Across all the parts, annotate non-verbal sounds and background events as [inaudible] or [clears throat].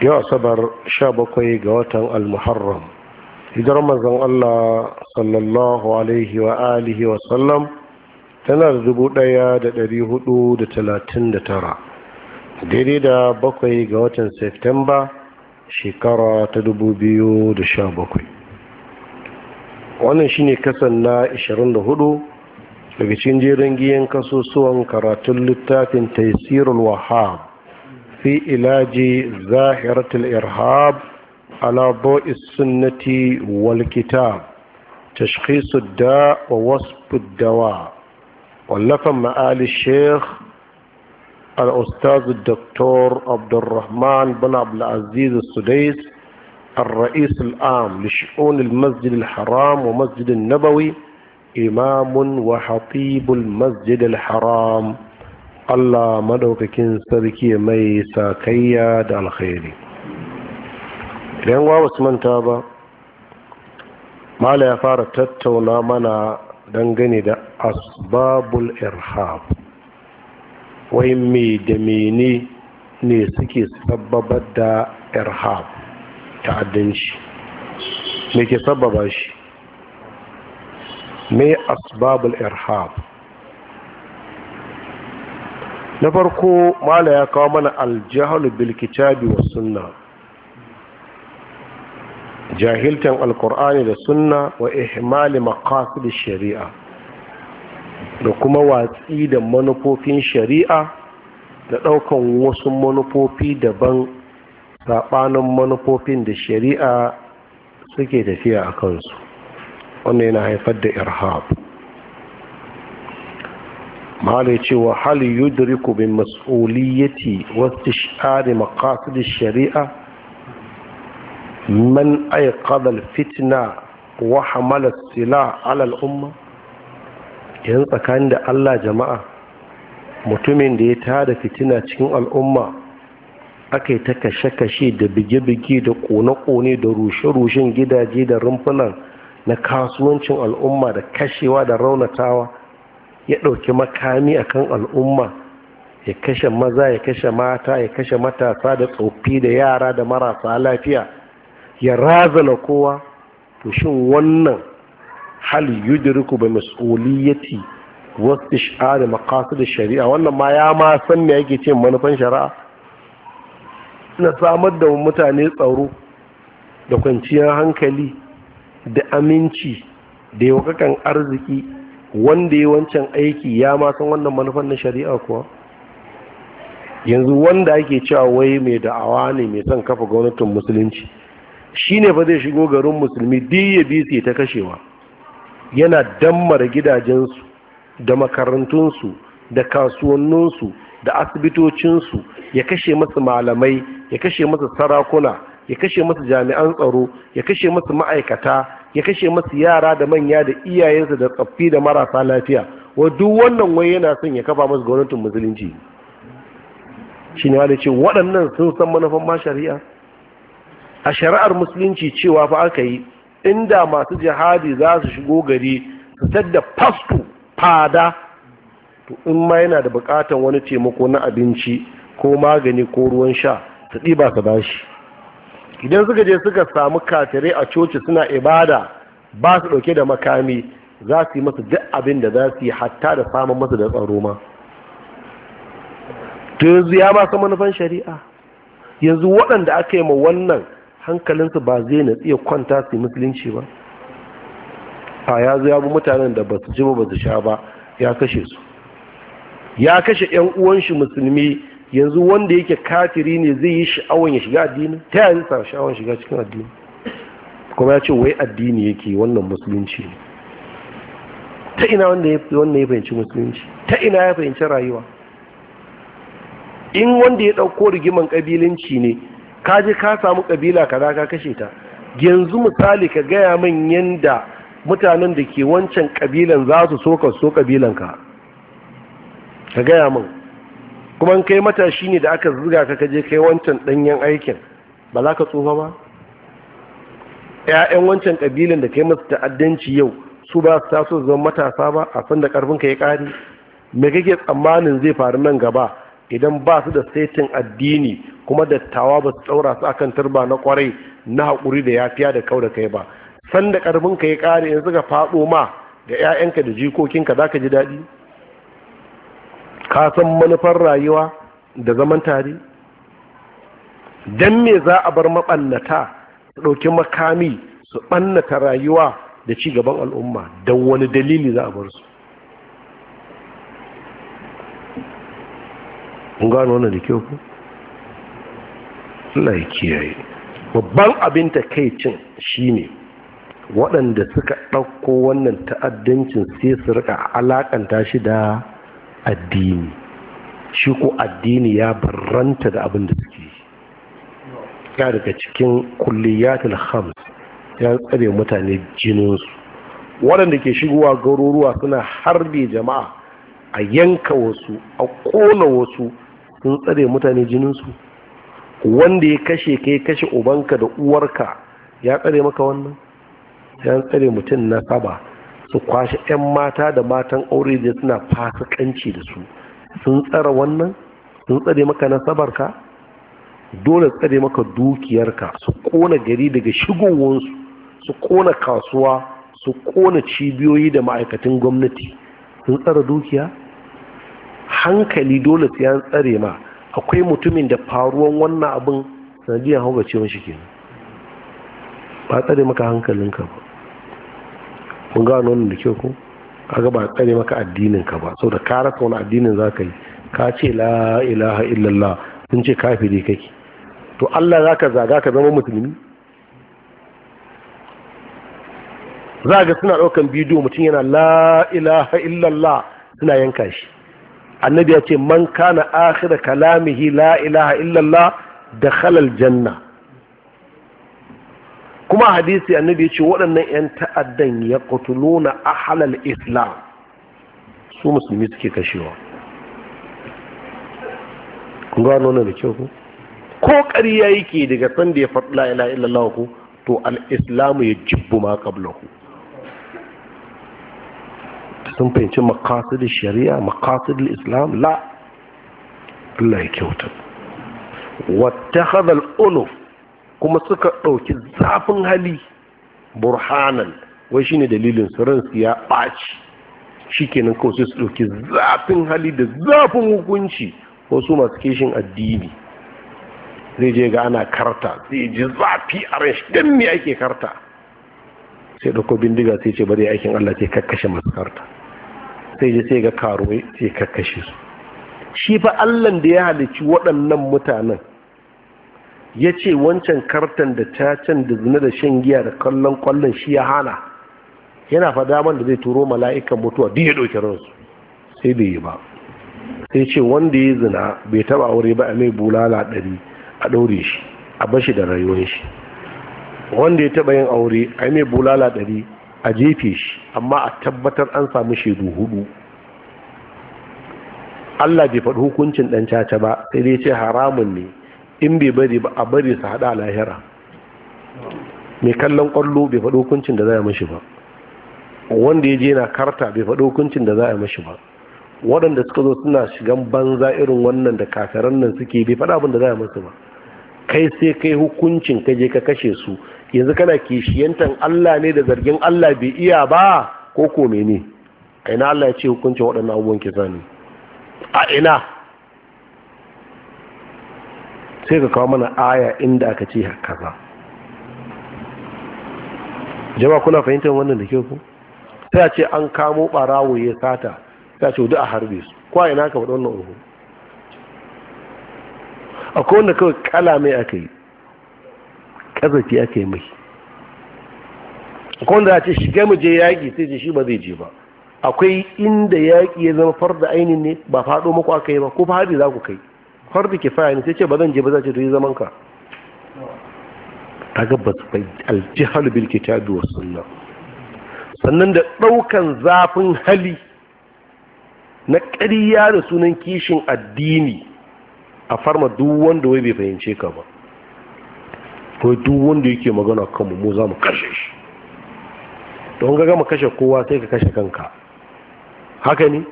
yau asabar bakwai ga watan al-muharram hijirar manzon Allah sallallahu alaihi wa alihi wa sallam tana da dubu ɗaya da ɗari hudu da talatin da tara daidai da bakwai ga watan Septemba shekara ta dubu biyu da sha bakwai wannan shine kasan na 24 daga cikin jerin giyan kasusuwan karatun littafin taisirul wahab في علاج ظاهرة الإرهاب على ضوء السنة والكتاب تشخيص الداء ووصف الدواء ولف معالي الشيخ الأستاذ الدكتور عبد الرحمن بن عبد العزيز السديس الرئيس العام لشؤون المسجد الحرام ومسجد النبوي إمام وخطيب المسجد الحرام Allah madaukakin sarki mai sakayya da alkhairi idan wa wasu manta ba mala ya fara tattauna mana dangane da asbabul irhab wai me da ne suke sababar da irhab addinci me ke sababa shi me asbabul irhab na farko mala ya kawo mana aljahalu bilkitabi wa sunna jahiltan alkur'ani da sunna wa ihmali maqasid shari'a da kuma watsi da manufofin shari'a da ɗaukan wasu manufofi daban saɓanin manufofin da shari'a suke tafiya a kansu wannan yana haifar da irhab mahala ya ce wa hal yudriku bi masuliyyati wa istishari maqasid shari'a man ayqadha al-fitna wa hamala sila ala al-umma yan tsakanin da Allah jama'a mutumin da ya tada fitina cikin al'umma aka yi ta kashe-kashe da bige-bige da kone-kone da rushe-rushen gidaje da rumfunan na kasuwancin al'umma da kashewa da raunatawa ya ɗauki makami akan al'umma ya kashe maza ya kashe mata ya kashe matasa da tsofi da yara da marasa lafiya ya razana kowa to shin wannan hal yudriku bi mas'uliyati wa makasu da shari'a wannan ma ya ma san me yake ce manufan shari'a na samar da mutane tsaro da kwanciyar hankali da aminci da yaukakan arziki wanda ya wancan aiki ya ma wannan manufan na shari'a kuwa yanzu wanda ake cewa wai mai da'awa ne mai son kafa gwamnatin musulunci shi ne fa zai shigo garin musulmi DABC ta kashewa yana dammar gidajensu da makarantunsu da kasuwanninsu da asibitocinsu ya kashe masu malamai ya kashe masu sarakuna ya kashe masu jami'an tsaro ya kashe masu ma'aikata ya kashe masu yara da manya da iyayensu da tsaffi da marasa lafiya wa duk wannan wai yana son ya kafa masu gwamnatin musulunci shi ne ce waɗannan sun san manufan ma shari'a a shari'ar musulunci cewa fa aka yi inda masu jihadi za su shigo gari su da fasto fada to in ma yana da bukatan wani taimako na abinci ko magani ko ruwan sha su ɗiba su bashi idan suka je suka samu kafirai a coci suna ibada ba su ɗauke da makami za su yi masu duk abin da za su yi hatta da samun masu da tsaro ma to yanzu ya ba su manufan shari'a yanzu waɗanda aka yi ma wannan hankalinsu ba zai na iya kwanta su musulunci ba a ya zo ya bi mutanen da ba su ji ba su sha ba ya kashe su ya kashe 'yan uwanshi musulmi yanzu wanda yake kafiri ne zai yi sha'awan ya shiga addini ta yanzu sa sha'awan shiga cikin addini kuma ya ce wai addini yake wannan musulunci ne ta ina wanda ya fahimci musulunci ta ina ya fahimci rayuwa in wanda ya ɗauko rigiman ƙabilanci ne ka je ka samu ƙabila za ka kashe ta yanzu misali ka gaya min yanda mutanen da ke wancan ƙabilan za su so ka so ƙabilanka ka gaya min kuma kai matashi ne da aka zuga ka kaje kai wancan danyen aikin ba za ka tsufa ba ƴaƴan wancan ƙabilan da kai masu ta'addanci yau su ba su taso zama matasa ba a san da karfin ka ya kare? me kake tsammanin zai faru nan gaba idan ba su da saitin addini kuma dattawa ba su tsaura su akan turba na kwarai na haƙuri da yafiya da kau da kai ba san da karfin ka ya kare in suka faɗo ma da 'ya'yanka da jikokinka za ka ji daɗi ka san manufar rayuwa da zaman tare don me za a bar maɓannata su ɗauki makami su ɓannata rayuwa da ci gaban al'umma don wani dalili za a bar su gano wannan da kyau ku? Allah ya kiyaye babban abin takaicin shine waɗanda suka ɗauko wannan ta'addancin sai su rika alakanta shi da addini shi ko addini ya barranta da abin da suke ya daga cikin kulliyatul hams ya tsare mutane jininsu waɗanda ke shigowa garuruwa suna harbe jama'a a yanka wasu a ƙona wasu sun tsare mutane jininsu wanda ya kashe ka ya kashe ubanka da uwarka ya tsare maka wannan ya tsare mutum na saba su kwashe 'yan mata da matan aure da suna fasikanci da su sun tsara wannan sun tsare maka nasabarka dole tsare maka dukiyarka su kona gari daga shigowansu su kona kasuwa su kona cibiyoyi da ma'aikatan gwamnati sun tsara dukiya hankali dole su yan tsare ma akwai mutumin da faruwan wannan abin sanadiyar hau ga ciwon shi kenan ba tsare maka hankalinka ba kun gano wani da kyau ko kaga ba tsare maka addinin ka ba saboda ka rasa wani addinin za ka yi ka ce la ilaha illallah sun ce kafiri kake to Allah za ka zaga ka zama musulmi za ga suna ɗaukan bidiyo mutum yana la ilaha illallah suna yanka shi annabi ya ce man kana akhira kalamihi la ilaha illallah da aljanna janna kuma hadisi annabi ya ce waɗannan 'yan ta'addan ya kutuluna a halal islam su musulmi suke kashewa kun gano nuna da kyau ku ko ƙarya ke daga sanda ya faɗi la'ila illallah ku to al'islamu ya jibbu ma kabla ku sun fahimci makasidin shari'a makasidin islam la Allah ya kyauta wata hadal uluf kuma suka ɗauki zafin hali burhanan wai shine dalilin ransu ya ɓaci shikenan kawai su ɗauki zafin hali da zafin hukunci wasu masu kishin addini zai je ga ana karta zai ji zafi a ranshi don me ake karta sai ɗauko bindiga sai ce bari aikin Allah sai kakkashe masu karta sai je sai ga karuwai sai kakkashe su shi fa Allah da ya halicci waɗannan mutanen ya ce wancan kartan da ta can da zina da shan giya da kallon kwallon shi ya hana yana fa daman da zai turo mala'ikan mutuwa duk ya ɗauki ransu sai bai yi ba sai ce wanda ya zina bai taba aure ba a mai bulala ɗari a ɗaure shi a bashi da rayuwar shi wanda ya taba yin aure a mai bulala ɗari a jefe shi amma a tabbatar an samu shaidu hudu Allah bai faɗi hukuncin ɗan caca ba sai dai ce haramun ne in bai bari ba a bari su hada lahira mai kallon kwallo bai faɗo hukuncin da za a mashi ba wanda ya je na karta bai faɗo hukuncin da za a mashi ba waɗanda suka zo suna shigan banza irin wannan da kakarar nan suke bai faɗa abin da za a masu ba kai sai kai hukuncin ka je ka kashe su yanzu kana kishiyantan Allah ne da zargin Allah bai iya ba ko ko mene a ina Allah ya ce hukuncin waɗannan abubuwan kisa ne a ina sai ka kawo mana aya inda aka ce kaza jama kuna fahimtar wannan da ke ku sai a ce an kamo barawo ya sata sai a ce duk a harbe su kwa ina ka faɗi wannan uhu akwai wanda kawai kala mai aka yi ƙazafi aka yi mai akwai wanda a ce shiga mu je yaƙi sai ce shi ba zai je ba akwai inda yaƙi ya zama farda ainihin ne ba faɗo maku aka yi ba ko fadi za ku kai fardu kifaya ne sai ce ba zan je ba za ce to yi zaman ka ta bai aljihar bil biyu was sunna sannan da ɗaukan zafin hali na ƙariya da sunan kishin addini a farma duk wanda wai bai fahimce ka ba ko duk wanda yake magana kanmu mu za mu kashe shi don ga gama kashe kowa sai ka kashe kanka haka ne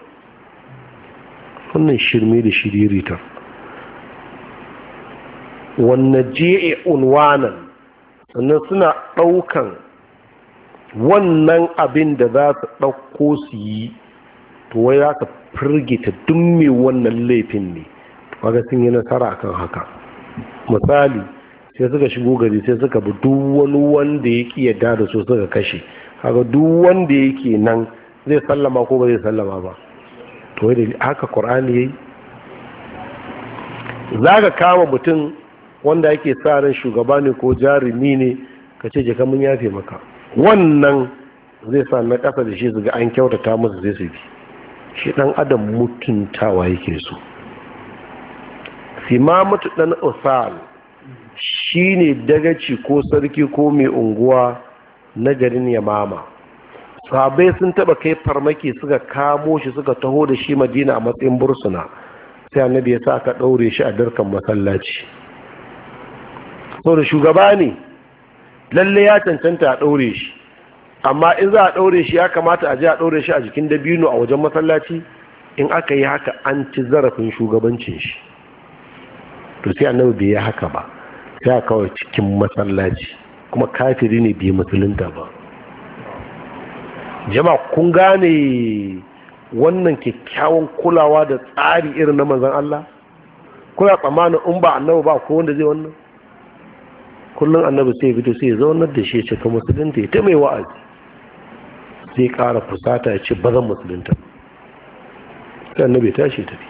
wannan shirme da shiririta wannan ji'i unwanan sannan suna ɗaukan wannan abin da za su ɗauko su yi to wai za ka firgita duk mai wannan laifin ne waga sun yi nasara kan haka misali sai suka shigo gari sai suka bi duk wani wanda ya ƙi yadda da su suka kashe kaga duk wanda yake nan zai sallama ko ba zai sallama ba to da haka yi Za ka kama mutum wanda ake sa ran shugaba ne ko jarumi ne ka ce jika mun yafe maka wannan zai sa na ƙasa da shi zuga an kyautata masa zai su bi shi ɗan adam mutuntawa yake so Simamatu ɗan osal shi ne dagaci ko sarki ko mai unguwa na garin ya mama sabai sun taba kai farmaki suka kamo shi suka taho da shi madina a matsayin bursuna sai annabi ya sa ka ɗaure shi a darkar masallaci da shugaba ne lalle ya cancanta a ɗaure shi amma in za a ɗaure shi ya kamata a ji a ɗaure shi a jikin dabino a wajen masallaci in aka yi haka an ci zarafin shugabancin shi to sai annabi bai yi haka ba sai a kawai cikin masallaci kuma kafiri ne bai musulunta ba jama kun gane wannan kyakkyawan kulawa da tsari irin na manzan Allah kuna tsammanin in ba annabi ba ko wanda zai wannan kullum annabi sai fito sai zaunar da shi ya cika musulunta ya ta mai wa'azi sai ƙara fusata ya ce bazan musulunta sai annabi tashi tafi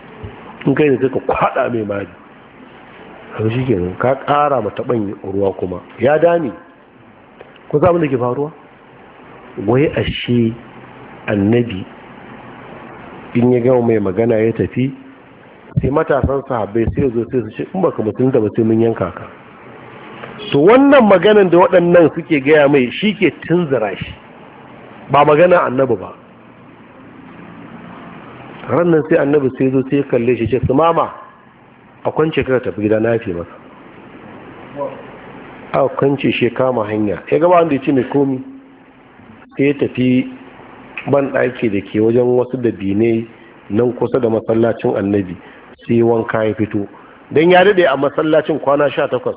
in kai ne suka kwada mai mari haka shi kenan ka ƙara mata ɓan ruwa kuma ya dame Ko za mu da ke faruwa wai ashe annabi in ya gama mai magana ya tafi sai matasan sahabbai sai zo sai su ce in baka mutum da mutumin yanka ka so wannan maganan da waɗannan suke gaya mai shi ke tunzura shi ba magana annabi ba rannan sai annabi sai zo sai kalle shi ce su mama a kwance kada tafi gida na fi masa a kwanci shi kama hanya ya gaba wanda ya ce mai komi sai ya tafi ban ɗaki da ke wajen wasu dabinai nan kusa da masallacin annabi sai wanka ya fito don ya daɗe a masallacin kwana sha takwas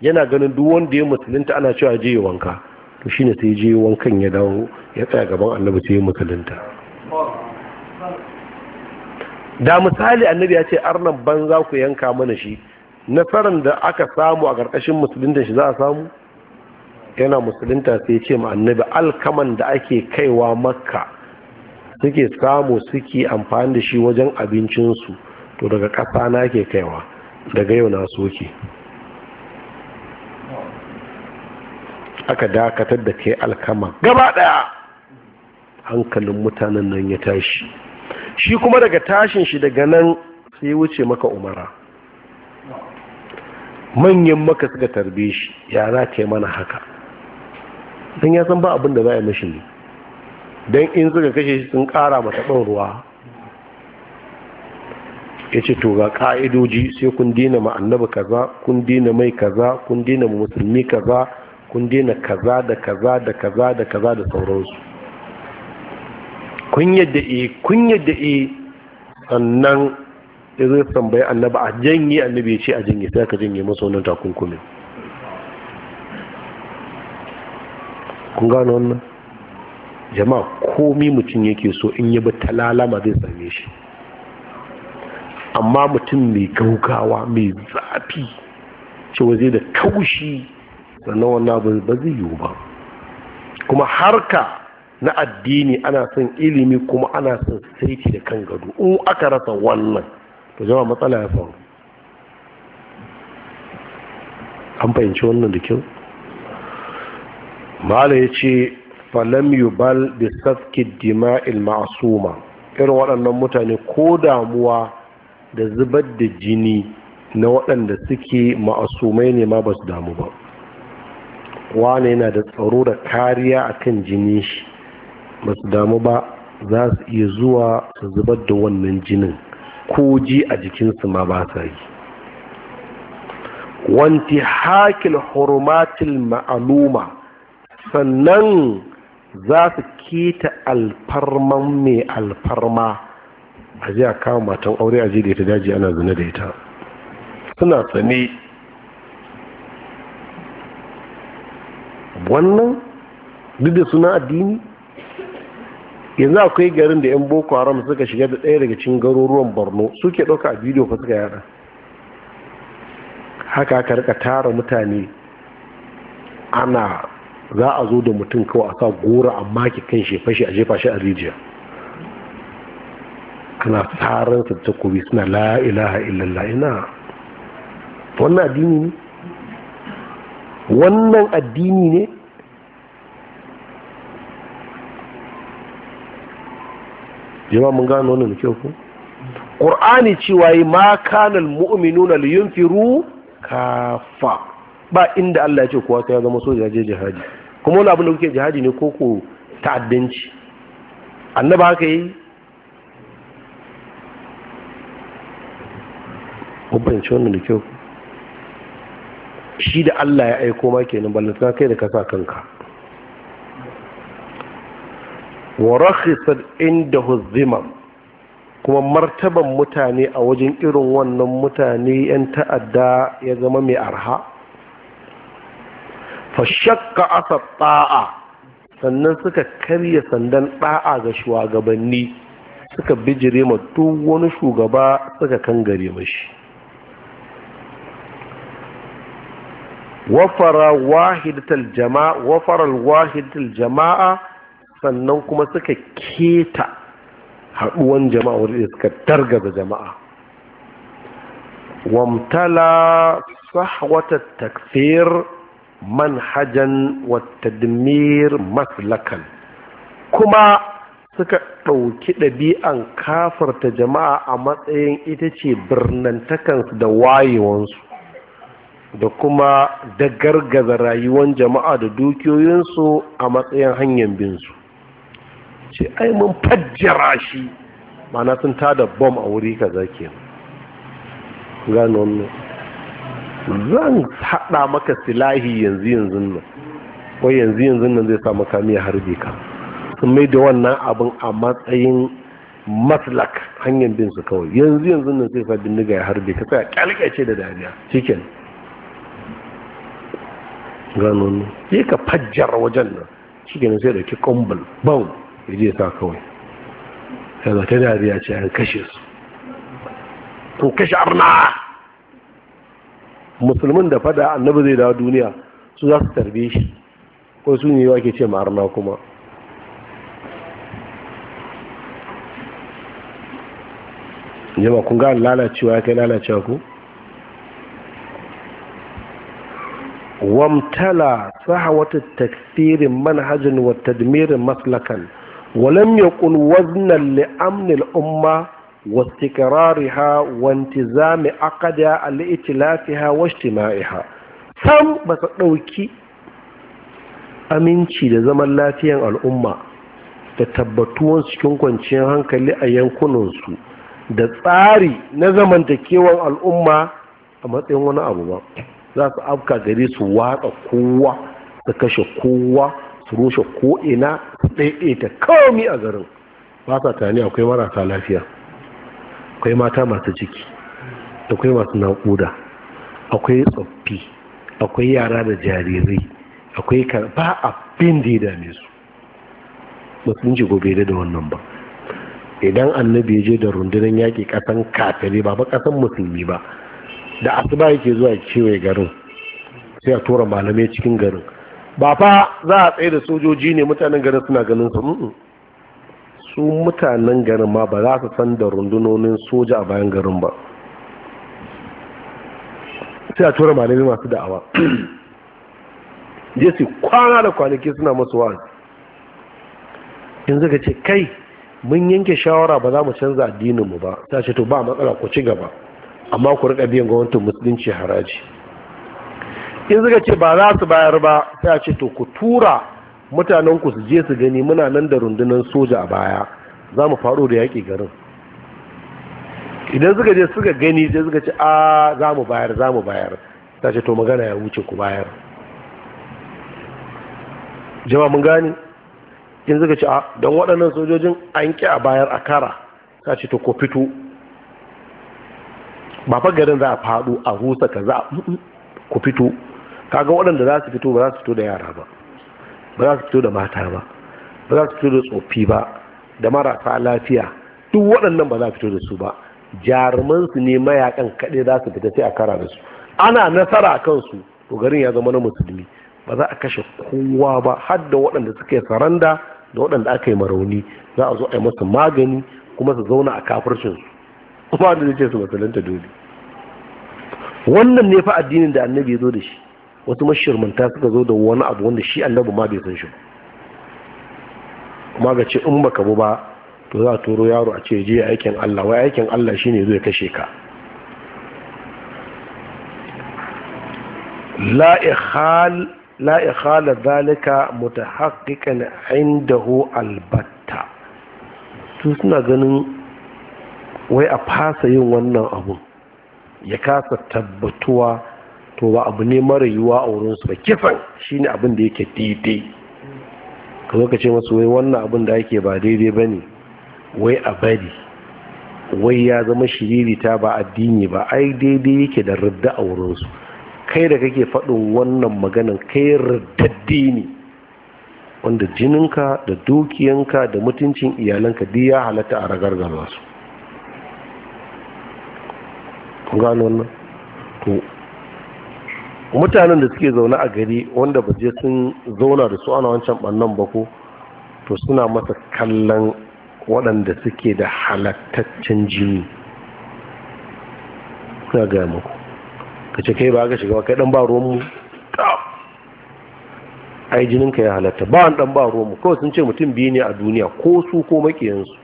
yana ganin duk wanda ya musulunta ana cewa je yi wanka to shine sai je wankan ya dawo ya tsaya gaban annabi sai ya musulunta da misali annabi ya ce arnan banza ku yanka mana shi nasarar da aka samu a ƙarƙashin musulunta shi za a samu yana musulunta sai ce ma annabi alkaman da ake kaiwa makka suke samu suke amfani da shi wajen abincinsu to daga ƙasa na ke kaiwa daga yau na soke aka dakatar da ke alkama gaba daya hankalin mutanen nan ya tashi shi kuma daga tashin shi daga nan sai wuce maka umara manyan maka suka tarbe shi yara za mana haka don ya san ba abin da za a mashi ne don in suka kashe shi sun kara mata ɗan ruwa ya ce to ga ƙa'idoji sai kun dina ma annabi kaza kun dina mai kaza kun dina musulmi kaza kun daina kaza da kaza da kaza da kaza da sauransu kun yadda e kun yadda e sannan ya zai tambayi annaba a janye annabi ya ce a janye sai ka janye masa wannan takunkumin kun gano wannan jama'a komi mutum yake so in yi ta lalama zai same shi amma mutum mai gaugawa mai zafi cewa zai da kaushi sannan wannan ba zai yiwu ba kuma harka na addini ana son ilimi kuma ana son saiti da kan gado in aka rasa wannan to jama matsala ya faru an fahimci wannan da kyau mala ya ce falam yubal bi safki dima'il ma'asuma irin waɗannan mutane ko damuwa da zubar da jini na waɗanda suke ma'asumai ne ma ba su damu ba wane yana da tsaro da kariya akan jinin shi ba su damu ba za su iya zuwa su zubar da wannan jinin ko ji a jikinsu ma ba sa yi wanti hakil hurumatil ma'aluma sannan za su keta alfarman mai alfarma a ji a kawo matan aure a ji da ita daji ana zina da ita suna tsane wannan duk da suna addini yanzu akwai garin da 'yan boko haram suka shiga da ɗaya daga cikin garuruwan borno suke ɗauka a bidiyo fa suka yada haka ka rika tara mutane ana za a zo da mutum kawai a sa gora amma ki kan shefa shi a jefa shi a rijiya ana tsarin su takobi suna la ilaha illallah ina wannan addini ne wannan addini ne jama'a mun gano wannan da kyau ko qur'ani cewa yi ma kanal mu'minuna liyunfiru kafa ba inda Allah ya ce kowa sai zama soja je jihadi kuma wani abin da kuke jihadi ne ko ko ta'addanci annaba haka yi mabanci wannan da kyau shi da Allah ya aiko ma kenan ballantana kai da kasa kanka wa rakhisar inda huzzimar kuma martaban mutane a wajen irin wannan mutane 'yan ta'adda ya zama mai arha fashakka asa ɗa'a sannan suka karya sandan ɗa'a ga shugabanni suka bijire ma duk wani shugaba suka kangare mashi wafara wahidatul jama'a sannan kuma suka keta haɗuwan jama'a wadda da suka targaza jama'a wamtala sahwata takfir manhajan dimir maslakan kuma suka ɗauki ɗabi'an kafarta jama'a a matsayin ita ce birnantakansu da wayewansu da kuma da gargaza rayuwan jama'a da dukiyoyinsu a matsayin hanyar binsu ce ai mun fajjara shi mana sun tada bom a wuri ka kenan gano zan hada maka silahi yanzu yanzu nan ko yanzu yanzu nan zai sa makami ya harbe ka sun mai da wannan abin a matsayin maslak hanyar bin su kawai yanzu yanzu nan sai sa bindiga ya harbe ka sai kyalkace da dariya cikin gano ne sai ka fajjar wajen nan shi sai da ki kumbul bau ya ta sa kawai yana ta biya ce an kashe su ko kashe arna musulmin da fada annabi zai dawo duniya su za su tarbe shi ko su ne wake ce ma'arna kuma jama kun ga lalacewa ya kai lalacewa ku wamtala sahawatar tafsirin manhajin wa tadmirin maslakan walam ya waznan li'amnil umma wa tikrariha wa intizami aqda al-itlafiha wa ijtima'iha sam ba ta dauki aminci da zaman lafiyan al'umma da tabbatuwan cikin kwanciyar hankali a yankunansu da tsari na zamantakewan al'umma a matsayin wani abu ba za su afka gari su watsa kowa su kashe kowa su rushe ko'ina su ɗaiɗaita kawami a garin ba sa tani akwai marasa lafiya akwai mata masu ciki akwai masu naƙuda akwai tsoffi akwai yara da jarirai akwai ba abin da ya dame su musulunci gobe da wannan ba idan annabi ya je da rundunar yaƙi ƙasan kafire ba ba ƙasan musulmi ba da asuba yake zuwa kewaye garin sai a tura malamai cikin garin ba fa za a tsaye da sojoji ne mutanen garin suna ganin su su mutanen garin ma ba za su san da rundunonin soja a bayan garin ba sai a tura malami masu da'awa [clears throat] je kwana da kwanaki suna masu wani. yanzu ka ce kai mun yanke shawara ba za mu canza addininmu ba ta ce to ba matsala ku ci gaba amma ku riƙa biyan gwamnatin musulunci haraji in suka ce ba za su bayar ba sai a ce to ku tura mutanen ku su je su gani muna nan da rundunar soja a baya za mu faɗo da yaƙi garin idan suka je suka gani sai suka ce a za mu bayar za mu bayar ta ce to magana ya wuce ku bayar jama mun gani in suka ce a don waɗannan sojojin an ƙi a bayar a kara ta ce to ko fito ba fa garin za a faɗo a rusa ka za ku fito kaga waɗanda za su fito ba za su fito da yara ba ba za su fito da mata ba ba za su fito da tsofi ba da marasa lafiya duk waɗannan ba za su fito da su ba jaruman su ne mayakan kaɗai za su fita sai a kara da su ana nasara a kansu to garin ya zama na musulmi ba za a kashe kowa ba har da waɗanda suka yi saranda da waɗanda aka yi marauni za a zo a yi masa magani kuma su zauna a su kuma da zai ce su musulunta dole wannan ne fa addinin da annabi ya zo da shi wasu manta suka zo da wani abu wanda shi annabi ma bai san shi kuma ga ce in baka bu ba to za a turo yaro a ce je aikin Allah wai aikin Allah ne zai kashe ka la ikhala zalika mutahaqqiqan indahu albatta su suna ganin wai a fasa yin wannan abu ya kasa tabbatuwa to ba abu ne mara yiwuwa a wurinsu ba kifan shine abin da yake daidai ka zo ka ce masu wai wannan abin da ake ba daidai ba ne wai a bari wai ya zama shiririta ba addini ba ai daidai yake da rudda a wurinsu kai da kake faɗin wannan maganan kai raddaddi ne wanda jininka da dukiyanka da mutuncin iyalanka duk ya halatta a ragar su gano wannan mutanen da suke zaune a gari wanda ba je sun zauna da su ana wancan bannan ba ko to suna masa kallon waɗanda suke da halattaccen jini na gaya muku ka ce kai ba ka shiga kai dan ba ruwanmu ai jininka ya halatta ba wani dan ba ruwanmu kawai sun ce mutum biyu ne a duniya ko su ko makiyansu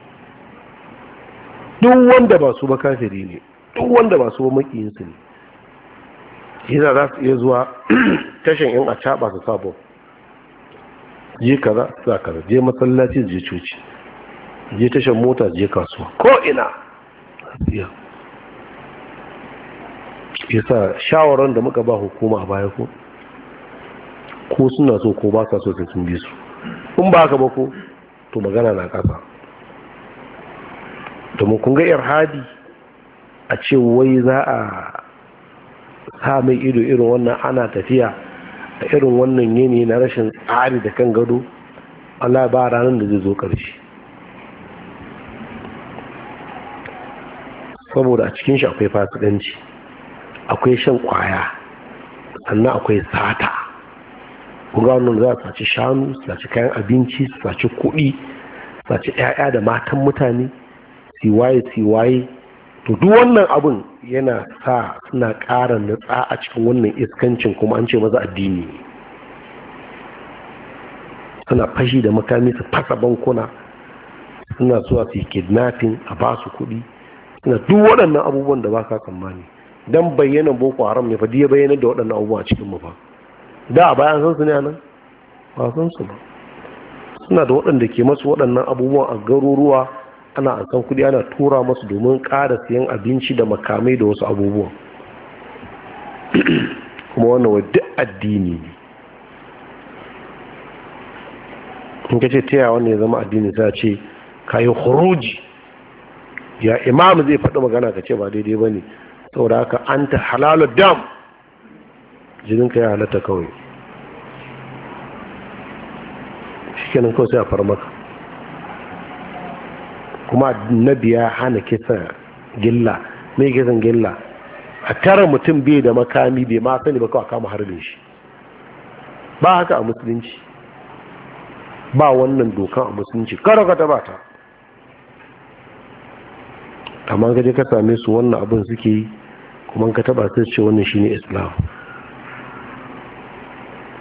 duk wanda ba su ba kafiri ne duk wanda ba su ba makiyansu ne yana za su iya zuwa tashin in a caɓa su sabo je kaza za kaza je masallaci je coci je tashin mota je kasuwa ko ina Ya sa shawaran da muka ba hukuma a baya ko ko suna so ko ba sa so sun bi su in ba ka ba ko to magana na kasa domin kun ga irhadi a ce wai za a sa mai ido irin wannan ana tafiya a irin wannan yini na rashin tsari da kan gado Allah ba ranar da zai zo ƙarshe saboda a cikin shi akwai fasidanci akwai shan kwaya sannan akwai sata kun wannan za a saci shanu saci kayan abinci saci kuɗi saci 'ya'ya da matan mutane siwaye siwaye to duk wannan abun yana sa suna ƙara nutsa a cikin wannan iskancin kuma an ce maza addini suna fashi da makami su fasa bankuna suna zuwa su yi kidnapping a ba su kuɗi suna duk waɗannan abubuwan da ba ka tsammani don bayyana boko haram ne fa ya bayyana da waɗannan abubuwa a cikin mu da a bayan san su ne anan ba san su ba suna da waɗanda ke masu waɗannan abubuwan a garuruwa ana ankan kuɗi ana tura masu domin ƙara siyan abinci da makamai da wasu abubuwan [clears throat] kuma wannan wa duk addini ne in ka ce ta yawa ne ya zama addini ta ce ka yi huruji ya imam zai faɗi magana ka ce ba daidai ba ne saboda haka an ta halalar dam jirin ka ya halatta kawai shi kenan kawai sai a farmaka kuma annabi ya hana kisan gilla mai kisan gilla a tara mutum bai da makami bai ma sani ba kawai kama harbin shi ba haka a musulunci ba wannan dokan a musulunci karaka ta bata amma gaje ka same su wannan abin suke yi kuma ka taba sai ce wannan shine islam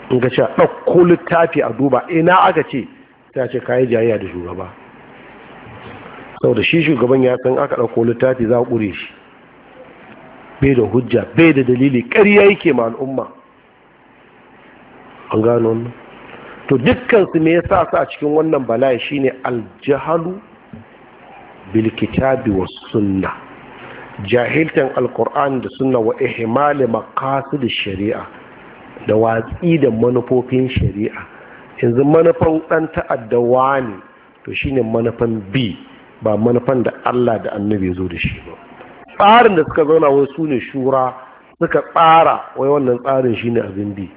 in ka ce ɗauko littafi a duba ina aka ce ta ce kayi jayayya da shugaba saboda shi shugaban ya san aka ɗauko littafi za a ƙure shi bai da hujja bai da dalili ƙarya yake ma al'umma an gano wannan to dukkansu me yasa su a cikin wannan bala'i shine aljahalu bilkitabi bilkitabi wa sunna jahiltan alkur'ani da suna wa ihimali makasu da shari'a da watsi da manufofin shari'a yanzu manufan ɗan ta'adda ne to shine manufan bi ba manufan da Allah da annabi zo da shi ba tsarin da suka zauna wai su ne shura suka tsara wai wannan tsarin shine abin bi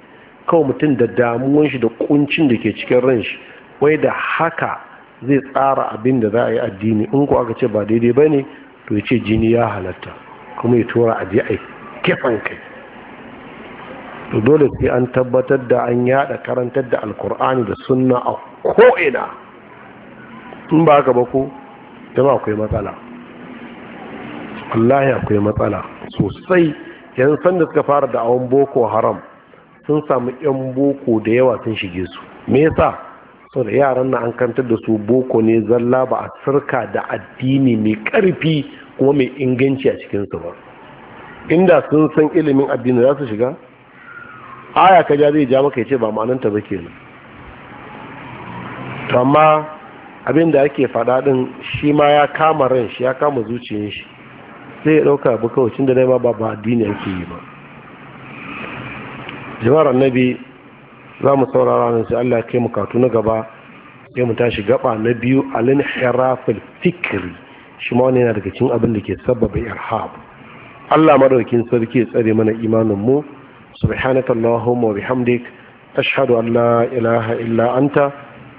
kawai mutum da damuwan shi da kuncin da ke cikin ran shi wai da haka zai tsara abin da za a yi addini in ko aka ce ba daidai ba ne to ya ce jini ya halatta kuma ya tura a je a kefan kai to dole sai an tabbatar da an yada karantar da alkur'ani da sunna a ko'ina in ba haka ba ko jama akwai matsala wallahi akwai matsala sosai yan sanda suka fara da awon boko haram sun samu yan boko da yawa sun shige su me yasa da yaran na an kantar da su boko ne zalla ba a sirka da addini mai karfi kuma mai inganci a cikinsu ba inda sun san ilimin addini za su shiga aya ka ja zai ja maka ya ce ba ma'ananta ba kenan amma abin da ake faɗa ɗin shi ma ya kama ran shi ya kama zuciyar shi sai ya ɗauka abu kawai cin da dai ma ba ba addini ake yi ba jama'ar annabi za mu saurara nan sai Allah kai mu katu na gaba sai mu tashi gaba na biyu alin hirafil fikri shi ma wani yana daga cikin abin da ke sabbaba irhab Allah madaukin sarki ya tsare mana imanin mu subhanakallahumma wa bihamdik ashhadu an la ilaha illa anta